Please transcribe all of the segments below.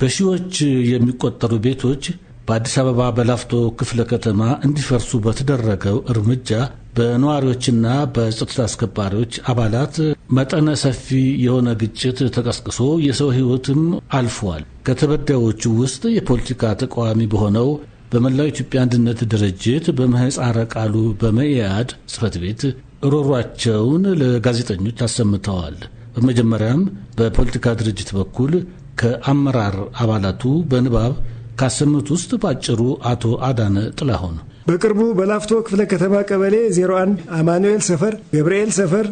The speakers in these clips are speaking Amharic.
በሺዎች የሚቆጠሩ ቤቶች በአዲስ አበባ በላፍቶ ክፍለ ከተማ እንዲፈርሱ በተደረገው እርምጃ በነዋሪዎችና በጸጥታ አስከባሪዎች አባላት መጠነ ሰፊ የሆነ ግጭት ተቀስቅሶ የሰው ሕይወትም አልፏል። ከተበዳዮቹ ውስጥ የፖለቲካ ተቃዋሚ በሆነው በመላው ኢትዮጵያ አንድነት ድርጅት በምህፃረ ቃሉ በመኢአድ ጽህፈት ቤት ሮሯቸውን ለጋዜጠኞች አሰምተዋል። በመጀመሪያም በፖለቲካ ድርጅት በኩል ከአመራር አባላቱ በንባብ ካሰሙት ውስጥ ባጭሩ አቶ አዳነ ጥላሁን በቅርቡ በላፍቶ ክፍለ ከተማ ቀበሌ 01 አማኑኤል ሰፈር፣ ገብርኤል ሰፈር፣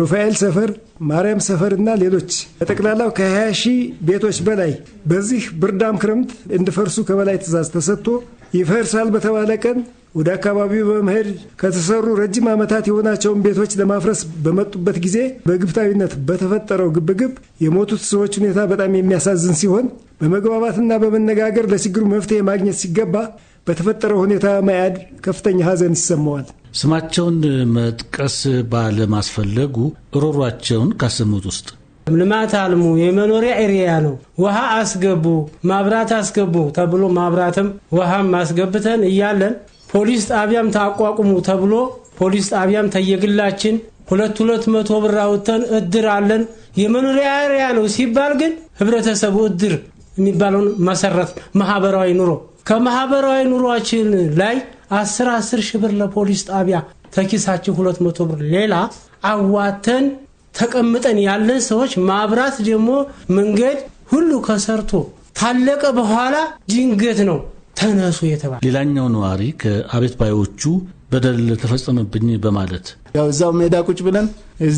ሩፋኤል ሰፈር፣ ማርያም ሰፈር እና ሌሎች በጠቅላላው ከ20 ሺህ ቤቶች በላይ በዚህ ብርዳም ክረምት እንዲፈርሱ ከበላይ ትእዛዝ ተሰጥቶ ይፈርሳል በተባለ ቀን ወደ አካባቢው በመሄድ ከተሰሩ ረጅም ዓመታት የሆናቸውን ቤቶች ለማፍረስ በመጡበት ጊዜ በግብታዊነት በተፈጠረው ግብግብ የሞቱት ሰዎች ሁኔታ በጣም የሚያሳዝን ሲሆን በመግባባትና በመነጋገር ለችግሩ መፍትሄ ማግኘት ሲገባ በተፈጠረው ሁኔታ መያድ ከፍተኛ ሐዘን ይሰማዋል። ስማቸውን መጥቀስ ባለማስፈለጉ ሮሯቸውን ካሰሙት ውስጥ ልማት አልሙ የመኖሪያ ኤሪያ ነው፣ ውሃ አስገቡ፣ ማብራት አስገቡ ተብሎ ማብራትም ውሃም አስገብተን እያለን ፖሊስ ጣቢያም ታቋቁሙ ተብሎ ፖሊስ ጣቢያም ተየግላችን ሁለት ሁለት መቶ ብር አውጥተን እድር አለን የመኖሪያ ሪያ ነው ሲባል ግን ህብረተሰቡ እድር የሚባለውን መሰረት ማህበራዊ ኑሮ ከማህበራዊ ኑሯችን ላይ አስር አስር ሺህ ብር ለፖሊስ ጣቢያ ተኪሳችን ሁለት መቶ ብር ሌላ አዋተን ተቀምጠን ያለን ሰዎች ማብራት ደግሞ መንገድ ሁሉ ከሰርቶ ታለቀ በኋላ ድንገት ነው ተነሱ የተባለ ሌላኛው ነዋሪ ከአቤት ባዮቹ በደል ተፈጸመብኝ በማለት ያው እዛው ሜዳ ቁጭ ብለን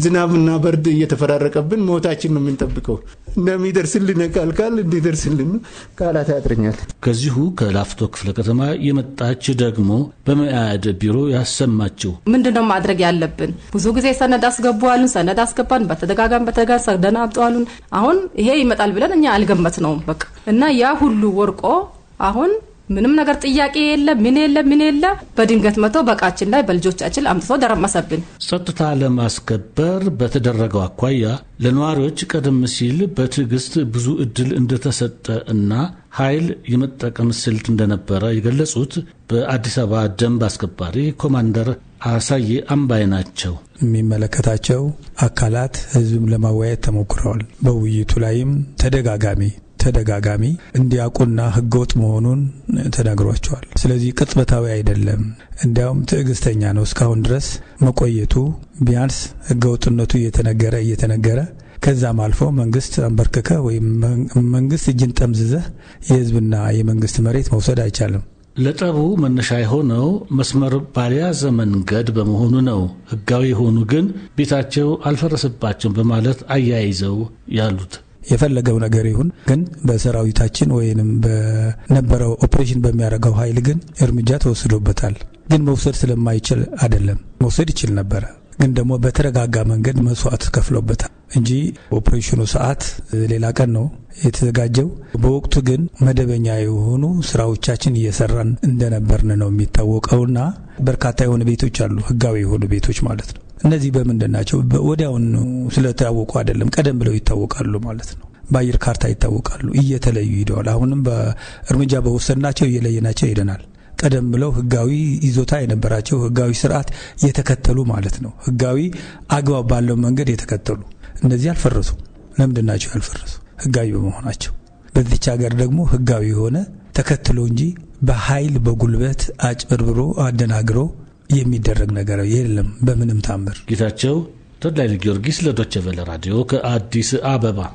ዝናብና በርድ እየተፈራረቀብን ሞታችን ነው የምንጠብቀው እንደሚደርስልን ቃልካል እንዲደርስልን ቃላት ያጥርኛል። ከዚሁ ከላፍቶ ክፍለ ከተማ የመጣች ደግሞ በመያድ ቢሮ ያሰማችው ምንድነው ማድረግ ያለብን? ብዙ ጊዜ ሰነድ አስገቡዋሉን፣ ሰነድ አስገባን፣ በተደጋጋሚ በተጋር ሰደና አብጠዋሉን። አሁን ይሄ ይመጣል ብለን እኛ አልገመት ነውም በቃ እና ያ ሁሉ ወርቆ አሁን ምንም ነገር ጥያቄ የለ ምን የለ ምን የለ። በድንገት መቶ በእቃችን ላይ በልጆቻችን አምጥቶ ደረመሰብን። ጸጥታ ለማስከበር በተደረገው አኳያ ለነዋሪዎች ቀደም ሲል በትዕግስት ብዙ እድል እንደተሰጠ እና ኃይል የመጠቀም ስልት እንደነበረ የገለጹት በአዲስ አበባ ደንብ አስከባሪ ኮማንደር አሳዬ አምባይ ናቸው። የሚመለከታቸው አካላት ህዝብም ለማወያየት ተሞክረዋል። በውይይቱ ላይም ተደጋጋሚ ተደጋጋሚ እንዲያውቁና ህገወጥ መሆኑን ተናግሯቸዋል። ስለዚህ ቅጽበታዊ አይደለም፣ እንዲያውም ትዕግስተኛ ነው። እስካሁን ድረስ መቆየቱ ቢያንስ ህገወጥነቱ እየተነገረ እየተነገረ ከዛም አልፎ መንግስት አንበርክከ ወይም መንግስት እጅን ጠምዝዘ የህዝብና የመንግስት መሬት መውሰድ አይቻልም። ለጠቡ መነሻ የሆነው መስመር ባልያዘ መንገድ በመሆኑ ነው። ህጋዊ የሆኑ ግን ቤታቸው አልፈረሰባቸውም በማለት አያይዘው ያሉት የፈለገው ነገር ይሁን ግን በሰራዊታችን ወይንም በነበረው ኦፕሬሽን በሚያደርገው ኃይል ግን እርምጃ ተወስዶበታል። ግን መውሰድ ስለማይችል አይደለም፣ መውሰድ ይችል ነበረ ግን ደግሞ በተረጋጋ መንገድ መስዋዕት ከፍሎበታል እንጂ ኦፕሬሽኑ ሰዓት ሌላ ቀን ነው የተዘጋጀው። በወቅቱ ግን መደበኛ የሆኑ ስራዎቻችን እየሰራን እንደነበርን ነው የሚታወቀውና በርካታ የሆኑ ቤቶች አሉ፣ ህጋዊ የሆኑ ቤቶች ማለት ነው። እነዚህ በምንድን ናቸው? ወዲያውን ስለታወቁ አይደለም፣ ቀደም ብለው ይታወቃሉ ማለት ነው። በአየር ካርታ ይታወቃሉ፣ እየተለዩ ሂደዋል። አሁንም እርምጃ በወሰድናቸው እየለየናቸው ሄደናል። ቀደም ብለው ህጋዊ ይዞታ የነበራቸው ህጋዊ ስርዓት የተከተሉ ማለት ነው። ህጋዊ አግባብ ባለው መንገድ የተከተሉ እነዚህ አልፈረሱ። ለምንድን ናቸው ያልፈረሱ? ህጋዊ በመሆናቸው። በዚች ሀገር ደግሞ ህጋዊ የሆነ ተከትሎ እንጂ በኃይል በጉልበት አጭበርብሮ አደናግሮ የሚደረግ ነገር የለም በምንም ታምር። ጌታቸው ተድላ ጊዮርጊስ ለዶቸቨለ ራዲዮ ከአዲስ አበባ